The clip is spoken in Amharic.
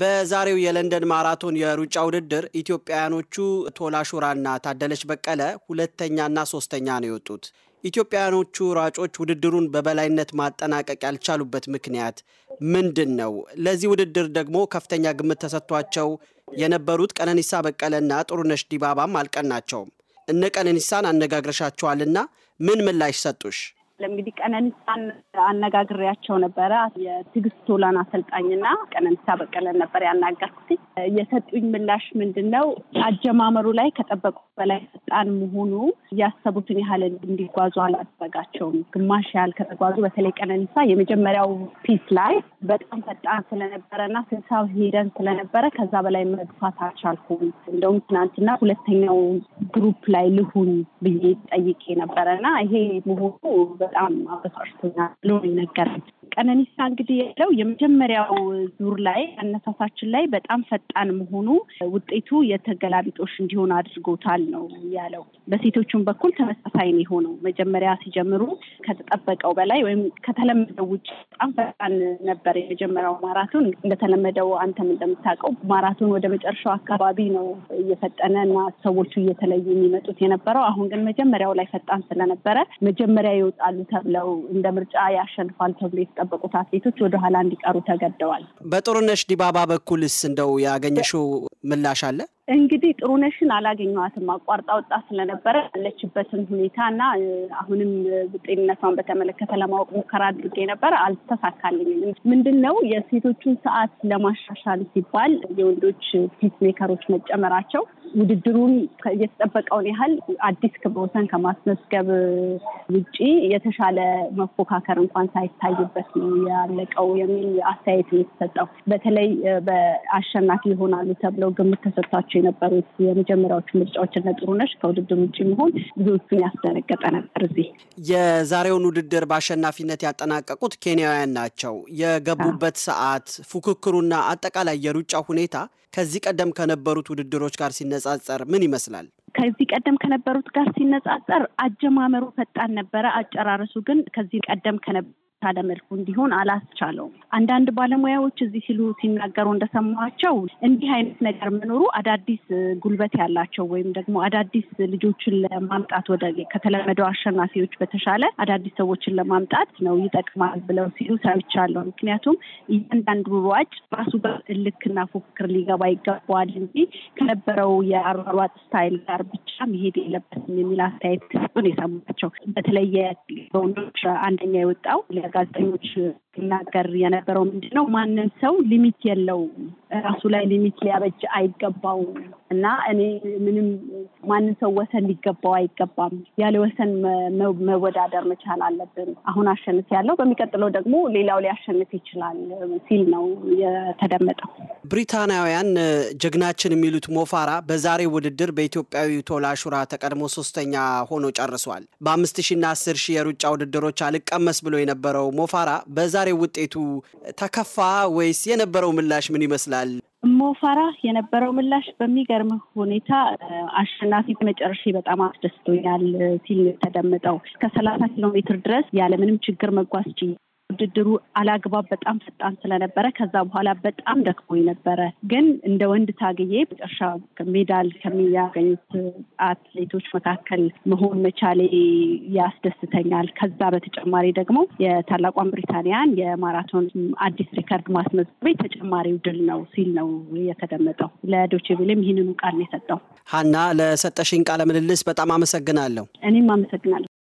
በዛሬው የለንደን ማራቶን የሩጫ ውድድር ኢትዮጵያውያኖቹ ቶላ ሹራና ታደለች በቀለ ሁለተኛና ሶስተኛ ነው የወጡት። ኢትዮጵያውያኖቹ ሯጮች ውድድሩን በበላይነት ማጠናቀቅ ያልቻሉበት ምክንያት ምንድን ነው? ለዚህ ውድድር ደግሞ ከፍተኛ ግምት ተሰጥቷቸው የነበሩት ቀነኒሳ በቀለና ጥሩነሽ ዲባባም አልቀናቸውም። እነ ቀነኒሳን አነጋግረሻቸዋልና ምን ምላሽ ሰጡሽ? እንግዲህ ቀነኒሳን አነጋግሬያቸው ነበረ። የትዕግስት ቶላን አሰልጣኝና ቀነኒሳ በቀለን ነበር ያናገርኩት። የሰጡኝ ምላሽ ምንድን ነው? አጀማመሩ ላይ ከጠበቁ በላይ ፈጣን መሆኑ ያሰቡትን ያህል እንዲጓዙ አላደረጋቸውም። ግማሽ ያህል ከተጓዙ፣ በተለይ ቀነኒሳ የመጀመሪያው ፒስ ላይ በጣም ፈጣን ስለነበረና ስልሳ ሄደን ስለነበረ ከዛ በላይ መግፋት አልቻልኩም። እንደውም ትናንትና ሁለተኛው ግሩፕ ላይ ልሁን ብዬ ጠይቄ ነበረና ይሄ መሆኑ በጣም አበሳጭቶኛል ብሎ ነው የነገረኝ። ቀነኒሳ እንግዲህ ያለው የመጀመሪያው ዙር ላይ አነሳሳችን ላይ በጣም ፈጣን መሆኑ ውጤቱ የተገላቢጦሽ እንዲሆን አድርጎታል ነው ያለው። በሴቶቹም በኩል ተመሳሳይ ነው የሆነው። መጀመሪያ ሲጀምሩ ከተጠበቀው በላይ ወይም ከተለመደው ውጭ በጣም ፈጣን ነበር የመጀመሪያው ማራቶን። እንደተለመደው አንተም እንደምታውቀው ማራቶን ወደ መጨረሻው አካባቢ ነው እየፈጠነ እና ሰዎቹ እየተለዩ የሚመጡት የነበረው። አሁን ግን መጀመሪያው ላይ ፈጣን ስለነበረ መጀመሪያ ይወጣሉ ተብለው እንደ ምርጫ ያሸንፋል ተብሎ የሚጠበቁት አትሌቶች ወደኋላ እንዲቀሩ ተገደዋል። በጥሩነሽ ዲባባ በኩልስ እንደው ያገኘሽው ምላሽ አለ? እንግዲህ ጥሩነሽን አላገኘዋትም። አቋርጣ ወጣ ስለነበረ ያለችበትን ሁኔታ እና አሁንም ጤንነቷን በተመለከተ ለማወቅ ሙከራ አድርጌ ነበር፣ አልተሳካልኝም። ምንድን ነው የሴቶቹን ሰዓት ለማሻሻል ሲባል የወንዶች ፔስ ሜከሮች መጨመራቸው ውድድሩን የተጠበቀውን ያህል አዲስ ክብረ ወሰን ከማስመዝገብ ውጪ የተሻለ መፎካከር እንኳን ሳይታይበት ነው ያለቀው የሚል አስተያየት የተሰጠው። በተለይ በአሸናፊ ይሆናሉ ተብለው ግምት ተሰጥቷቸው የነበሩት የመጀመሪያዎቹ ምርጫዎች እነ ጥሩነሽ ከውድድር ውጭ መሆን ብዙዎቹን ያስደነገጠ ነበር። እዚህ የዛሬውን ውድድር በአሸናፊነት ያጠናቀቁት ኬንያውያን ናቸው። የገቡበት ሰዓት፣ ፉክክሩና አጠቃላይ የሩጫ ሁኔታ ከዚህ ቀደም ከነበሩት ውድድሮች ጋር ሲነ ሲነጻጸር ምን ይመስላል? ከዚህ ቀደም ከነበሩት ጋር ሲነጻጸር አጀማመሩ ፈጣን ነበረ። አጨራረሱ ግን ከዚህ ቀደም ከነበ ባለ መልኩ እንዲሆን አላስቻለውም። አንዳንድ ባለሙያዎች እዚህ ሲሉ ሲናገሩ እንደሰማቸው እንዲህ አይነት ነገር መኖሩ አዳዲስ ጉልበት ያላቸው ወይም ደግሞ አዳዲስ ልጆችን ለማምጣት ወደ ከተለመደው አሸናፊዎች በተሻለ አዳዲስ ሰዎችን ለማምጣት ነው ይጠቅማል ብለው ሲሉ ሰምቻለሁ። ምክንያቱም እያንዳንዱ ሯጭ ራሱ በእልክና ፉክክር ሊገባ ይገባዋል እንጂ ከነበረው የአሯሯጥ ስታይል ጋር ብቻ መሄድ የለበትም የሚል አስተያየት ሰጡን የሰማቸው። በተለየ አንደኛ የወጣው ጋዜጠኞች ሲናገር የነበረው ምንድን ነው? ማንም ሰው ሊሚት የለው ራሱ ላይ ሊሚት ሊያበጅ አይገባው እና እኔ ምንም ማንም ሰው ወሰን ሊገባው አይገባም፣ ያለ ወሰን መወዳደር መቻል አለብን። አሁን አሸንፍ ያለው በሚቀጥለው ደግሞ ሌላው ሊያሸንፍ ይችላል ሲል ነው የተደመጠው። ብሪታናውያን ጀግናችን የሚሉት ሞፋራ በዛሬ ውድድር በኢትዮጵያዊ ቶላ ሹራ ተቀድሞ ሶስተኛ ሆኖ ጨርሷል። በአምስት ሺና አስር ሺ የሩጫ ውድድሮች አልቀመስ ብሎ የነበረው ሞፋራ በዛሬ ውጤቱ ተከፋ ወይስ የነበረው ምላሽ ምን ይመስላል? ሞፋራ የነበረው ምላሽ በሚገርም ሁኔታ አሸናፊ መጨረሻ በጣም አስደስቶኛል ሲል ተደምጠው ከሰላሳ ኪሎ ሜትር ድረስ ያለምንም ችግር መጓዝ ችያለሁ ውድድሩ አላግባብ በጣም ፈጣን ስለነበረ ከዛ በኋላ በጣም ደክሞ ነበረ። ግን እንደ ወንድ ታግዬ መጨረሻ ሜዳል ከሚያገኙት አትሌቶች መካከል መሆን መቻሌ ያስደስተኛል። ከዛ በተጨማሪ ደግሞ የታላቋን ብሪታንያን የማራቶን አዲስ ሪከርድ ማስመዝገቤ ተጨማሪው ድል ነው ሲል ነው የተደመጠው። ለዶቼ ቬለም ይህንኑ ቃል ነው የሰጠው። ሀና፣ ለሰጠሽኝ ቃለ ምልልስ በጣም አመሰግናለሁ። እኔም አመሰግናለሁ።